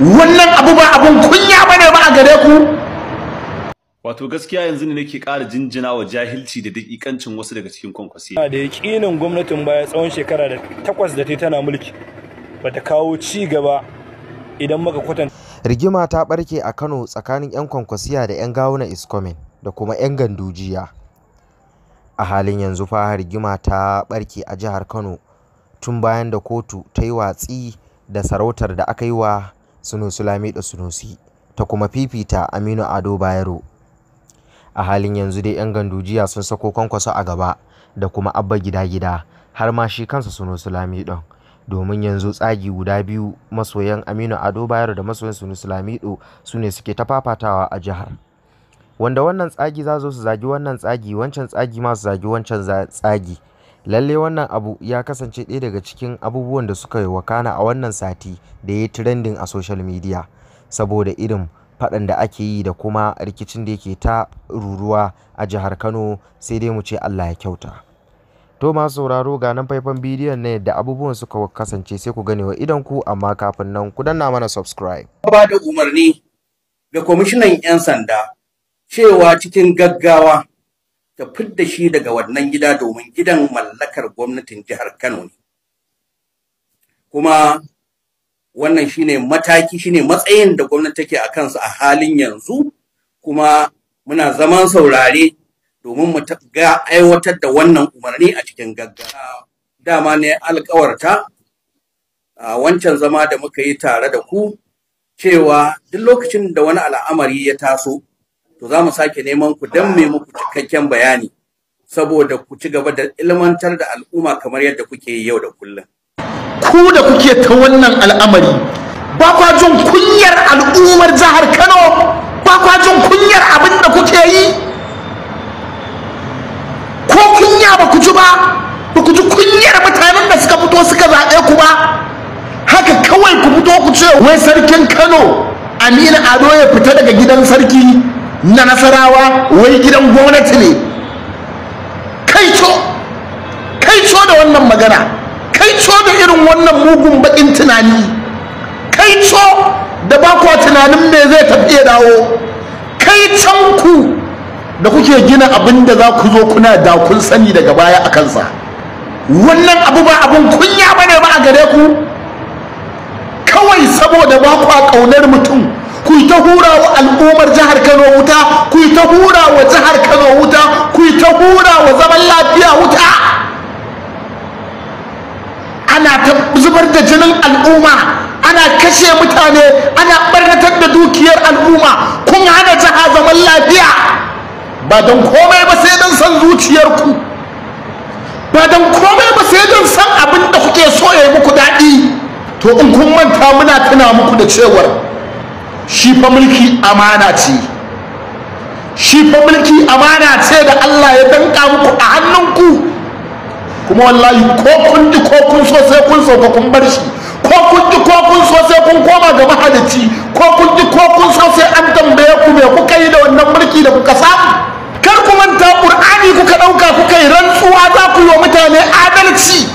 wannan abu ba abun kunya bane ba a gare ku wato gaskiya yanzu ne nake kara jinjina wa jahilci da dakikancin wasu daga cikin kwankwasi da yakinin gwamnatin baya tsawon shekara da takwas da ta tana mulki bata kawo ci gaba idan muka kwatanta rigima ta barke a Kano tsakanin yan kwankwasiya da yan gawuna iskomin da kuma yan gandujiya a halin yanzu fa rigima ta barke a jihar Kano tun bayan da kotu ta yi watsi da sarautar da aka yi wa Sunusi Lamido Sunusi ta kuma fifita Aminu Ado Bayero. A halin yanzu dai 'yan gandujiya sun sako kwankwaso a gaba da kuma abba gida-gida har ma shi kansa Sunusi don. Domin yanzu tsagi guda biyu masoyan Aminu Ado Bayero da masoyan Sunusi Lamido su ne suke ta fafatawa a jihar. Wanda wannan tsagi za su zagi wannan tsagi wancan tsagi ma su zagi wancan tsagi. Lalle wannan abu ya kasance ɗaya daga cikin abubuwan da suka yi wakana a wannan sati da ya yi trending a social media, saboda irin faɗan da ake yi da kuma rikicin da yake ta ruruwa a jihar Kano, sai dai mu ce Allah ya kyauta. To masu sauraro ga nan faifan bidiyon na yadda abubuwan suka kasance sai ku gane wa ku amma kafin nan ku danna mana subscribe. Ba da umarni ga kwamishinan 'yan sanda cewa cikin gaggawa ta fidda shi daga wannan gida domin gidan mallakar gwamnatin jihar Kano ne. Kuma wannan shine mataki shine matsayin da gwamnati take a kansa a halin yanzu kuma muna zaman saurare domin mu ga aiwatar da wannan umarni a cikin gaggawa. Dama ne alkawarta a wancan zama da muka yi tare da ku cewa duk lokacin da wani al'amari ya taso to za mu sake neman ku dan me muku cikakken bayani saboda ku ci gaba da ilmantar da al'umma kamar yadda kuke yi yau da kullum ku da kuke ta wannan al'amari ba kwa jin kunyar al'ummar jihar Kano ba kwa jin kunyar abin da kuke yi ko kunya ba ku ji ba ba ku ji kunyar mutanen da suka fito suka zaɓe ku ba haka kawai ku fito ku ce wai sarkin Kano Aminu Ado ya fita daga gidan sarki na nasarawa wai gidan gwamnati ne kaico kaico da wannan magana kaico da irin wannan mugun bakin tunani kaico da ba tunanin me zai tafi ya dawo kaicon ku da kuke gina abin da za ku zo kuna da kun sani daga baya a kansa wannan abu ba abin kunya bane ba a gare ku kawai saboda ba kaunar ƙaunar mutum ku ta hura wa al'ummar jihar Kano wuta ku ta hura wa jihar Kano wuta ku ta hura wa zaman lafiya wuta ana ta zubar da jinin al'umma ana kashe mutane ana barnatar da dukiyar al'umma kun hana jiha zaman lafiya ba don komai ba sai don san zuciyarku ba don komai ba sai don san abin da kuke so ya yi muku daɗi to in kun manta muna tuna muku da cewar shi fa mulki amana ce shi fa mulki amana ce da Allah ya danka muku a hannunku kuma wallahi ko kun ji ko kun so sai kun sauka kun bar shi ko kun ji ko kun so sai kun koma ga mahalici ko kun ji ko kun so sai an tambaye ku me kuka yi da wannan mulki da kuka samu kar ku manta qur'ani kuka dauka kuka yi rantsuwa za ku yi wa mutane adalci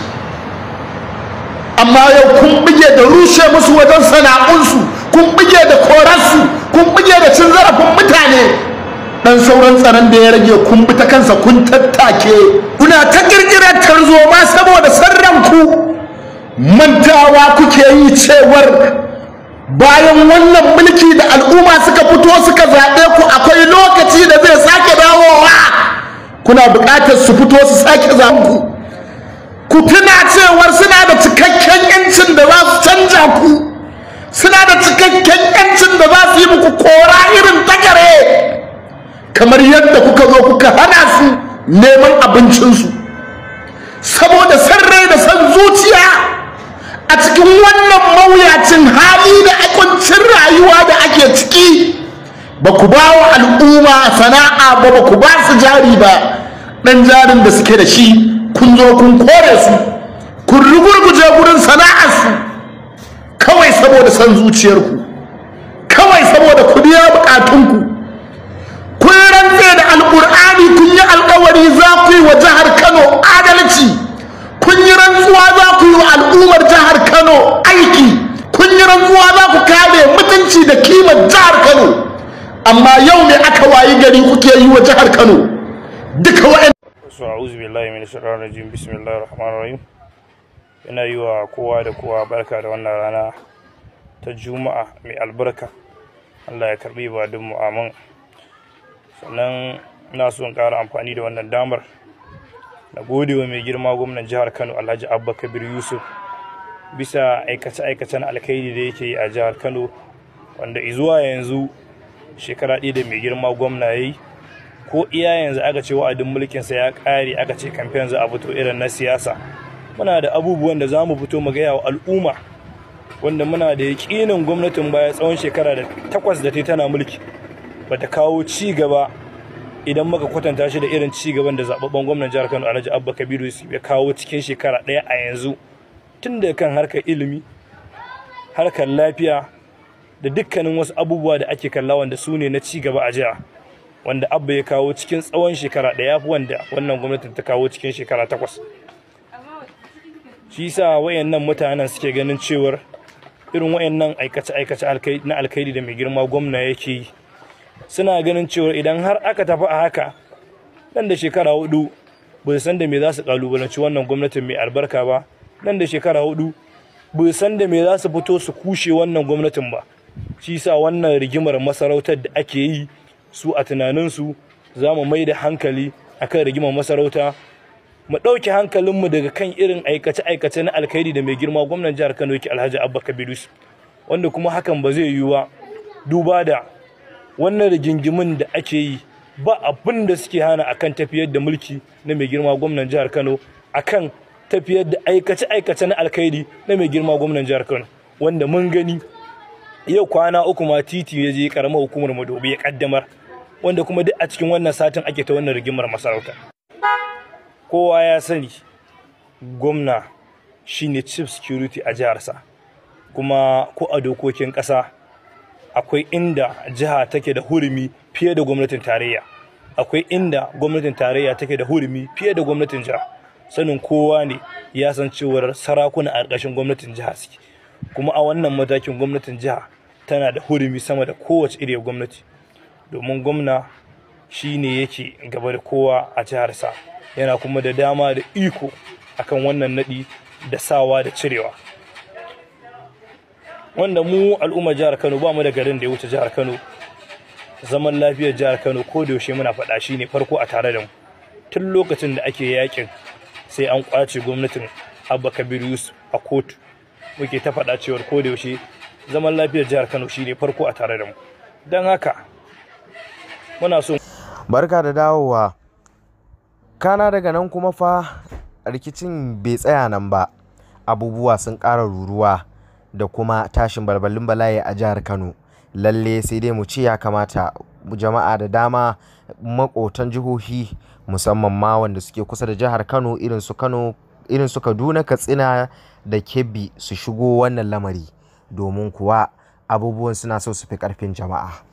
amma yau kun bige da rushe musu wajen sana'unsu kun buge da koransu kun buge da cin zarafin mutane dan sauran tsaron da ya rage kun bi ta kansa kun tattake kuna ta kirkirar tarzoma saboda sarranku mantawa kuke yi cewar bayan wannan mulki da al'umma suka fito suka zaɓe ku akwai lokaci da zai sake dawowa kuna buƙatar su fito su sake zaɓe ku tuna cewar suna da cikakken 'yancin da za su canja ku suna da cikakken yancin da za su yi muku kora irin tagare kamar yadda kuka zo kuka hana su neman abincinsu saboda sarrai da san zuciya a cikin wannan mawuyacin hali da akuncin rayuwa da ake ciki ba ku ba wa al'umma sana'a ba ba ku ba su jari ba ɗan jarin da suke da shi kun zo kun kore su kun rugurguje gurin sana'arsu kawai saboda san zuciyarku kawai saboda ku biya bukatunku kun rantse da alkur'ani kun yi alkawari za ku yi wa jihar kano adalci kun yi rantsuwa za ku yi wa al'ummar jihar kano aiki kun yi rantsuwa za ku kare mutunci da kimar jihar kano amma yau ne aka wayi gari kuke yi wa jihar kano duka wa'in yana yi wa kowa da kowa barka da wannan rana ta juma'a mai albarka allah ya karbi ba duk mu'amin sannan ina so in ƙara amfani da wannan damar na gode wa mai girma gwamnan jihar kano alhaji abba kabir yusuf bisa aikace-aikacen alkhairi da yake yi a jihar kano wanda zuwa yanzu shekara ɗaya da mai girma gwamna ya yi ko iya yanzu aka ce wa'adin mulkinsa ya ƙare aka ce kamfen za a fito irin na siyasa muna da abubuwan da za mu fito mu gaya wa al'umma wanda muna da yaƙinin gwamnatin baya tsawon shekara da takwas da ta tana mulki ba ta kawo ci gaba idan muka kwatanta shi da irin ci gaban da zaɓaɓɓen gwamnan jihar Kano Alhaji Abba Kabiru ya kawo cikin shekara ɗaya a yanzu tun da kan harkar ilimi harkar lafiya da dukkanin wasu abubuwa da ake kalla wanda su ne na ci gaba a jiha wanda abba ya kawo cikin tsawon shekara ɗaya wanda wannan gwamnatin ta kawo cikin shekara takwas shi wayan nan mutanen suke ganin cewar irin nan aikace aikace na alkaidi da mai girma gwamna yake yi suna ganin cewar idan har aka tafi a haka nan da shekara hudu bai san da me za su kalubalanci wannan gwamnatin mai albarka ba nan da shekara hudu bai san da me za su fito su kushe wannan gwamnatin ba shi sa wannan rigimar masarautar da ake yi su a tunaninsu za mu mai da hankali akan rigimar masarauta mu ɗauke hankalinmu daga kan irin aikace-aikace na alkhairi da mai girma gwamnan jihar Kano yake Alhaji Abba Kabiru wanda kuma hakan ba zai yiwu ba duba da wannan rigingimin da ake yi ba abin da suke hana akan tafiyar da mulki na mai girma gwamnan jihar Kano akan tafiyar da aikace-aikace na alkhairi na mai girma gwamnan jihar Kano wanda mun gani yau kwana uku ma titi ya je karamar hukumar Madobi ya kaddamar wanda kuma duk a cikin wannan satin ake ta wannan rigimar masarauta kowa ya sani gwamna shine chief security a jiharsa kuma ko a dokokin ƙasa akwai inda jiha take da hurumi fiye da gwamnatin tarayya akwai inda gwamnatin tarayya take da hurumi fiye da gwamnatin jiha sanin kowa ne ya san cewar sarakuna a ƙarƙashin gwamnatin jiha suke kuma a wannan matakin gwamnatin jiha tana da hurumi sama da kowace iriyar gwamnati domin gwamna shi ne yake gaba da kowa a jiharsa yana kuma da dama da iko akan wannan nadi da sawa da cirewa wanda mu al'umma jihar kano ba mu da garin da ya wuce jihar kano zaman lafiyar jihar kano ko da yaushe muna faɗa shi ne farko a tare da mu tun lokacin da ake yakin sai an kwace gwamnatin abba Kabir yusuf a kotu muke ta faɗa cewar ko da yaushe zaman lafiyar jihar kano shi ne farko a tare da mu don haka muna so barka da dawowa kana daga nan kuma fa rikicin bai tsaya nan ba abubuwa sun ƙara ruruwa da kuma tashin balbalin bala'i a jihar kano lalle sai dai mu ce ya kamata jama'a da dama makotan jihohi musamman ma wanda suke kusa da jihar kano irin su kano irin su kaduna katsina da kebbi su shigo wannan lamari domin kuwa abubuwan suna so su fi karfin jama'a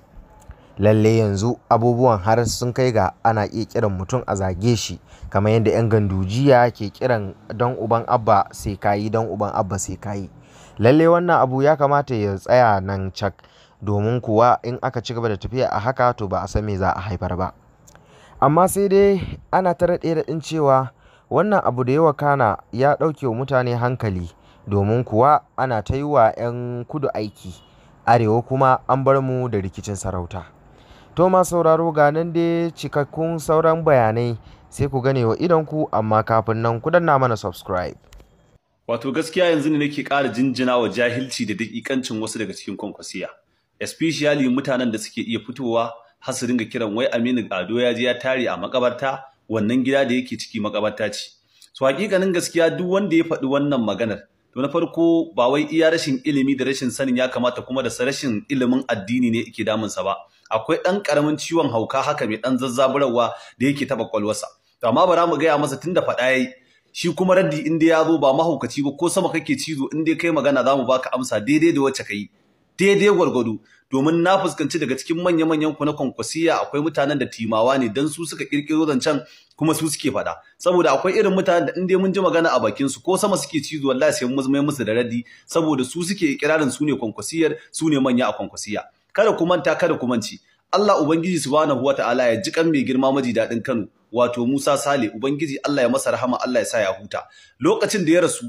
lalle yanzu abubuwan har sun kai ga ana iya kiran mutum a zage shi kamar yadda 'yan gandujiya ke kiran don uban abba sai kayi don uban abba sai kayi lalle wannan abu ya kamata ya tsaya nan cak domin kuwa in aka ci gaba da tafiya a haka to ba a san me za a haifar ba amma sai dai ana ta da raɗin cewa wannan abu da yawa kana ya ɗauke wa mutane hankali domin kuwa ana ta yi wa 'yan kudu aiki arewa kuma an bar mu da rikicin sarauta To ma sauraro ga da dai cikakkun sauran bayanai sai ku gane wa idonku amma kafin nan ku danna mana subscribe. Wato gaskiya yanzu ne nake ƙara jinjina wa jahilci da dakikancin wasu daga cikin kwankwasiya. Especially mutanen da suke iya fitowa har su dinga kiran wai Aminu Ado ya je ya tare a makabarta wannan gida da yake ciki makabarta ce. So hakikanin gaskiya duk wanda ya faɗi wannan maganar to na farko ba wai iya rashin ilimi da rashin sanin ya kamata kuma da rashin ilimin addini ne yake damunsa ba. akwai ɗan ƙaramin ciwon hauka haka mai ɗan zazzaburarwa da yake taɓa ƙwalwarsa. to amma bara mu gaya masa tun da faɗa ya yi. shi kuma raddi in dai ya zo ba mahaukaci ba ko sama kake cizo in dai kai magana za mu baka amsa daidai da wacce ka yi. daidai gwargwado domin na fuskanci daga cikin manya-manyan ku na kwankwasiya akwai mutanen da timawa ne dan su suka kirkiro zancen kuma su suke faɗa saboda akwai irin mutanen da in dai mun ji magana a bakin su ko sama suke cizo wallahi sai mun zama musu da raddi saboda su suke ikirarin su ne kwankwasiyar su ne manya a kwankwasiya kada ku manta kada ku manci Allah ubangiji subhanahu wataala ya ji kan mai girma maji dadin Kano wato Musa Sale ubangiji Allah ya masa rahama Allah ya sa ya huta lokacin da ya rasu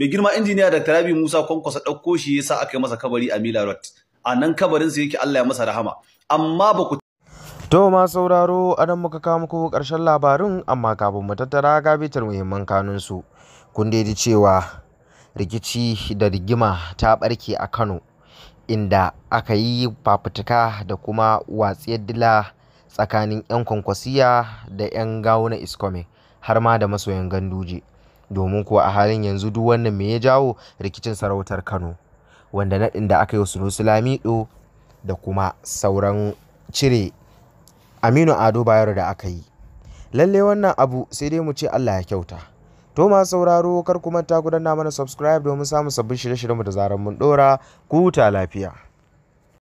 mai girma injiniya Dr. Rabi Musa Kwankwasa ɗauko shi yasa aka yi masa kabari a Mila Road a nan kabarin sa yake Allah ya masa rahama amma ba ku To ma sauraro anan muka kawo muku karshen labarin amma kafin mu tattara gabitar muhimman su kun daidai cewa rikici da rigima ta barke a Kano inda aka yi fafutuka da kuma watsiyar dila tsakanin 'yan kwankwasiya da 'yan gawo na iskomin har ma da masoyan ganduje domin kuwa a halin yanzu duk wannan me ya jawo rikicin sarautar kano wanda naɗin da aka yi wa sunusu lamido da kuma sauran cire aminu ado bayar da aka yi lallai wannan abu sai dai mu ce allah ya kyauta to masu sauraro kar ku manta ku danna mana subscribe domin samun sabbin shirye-shiryenmu da zarar mun dora ku ta lafiya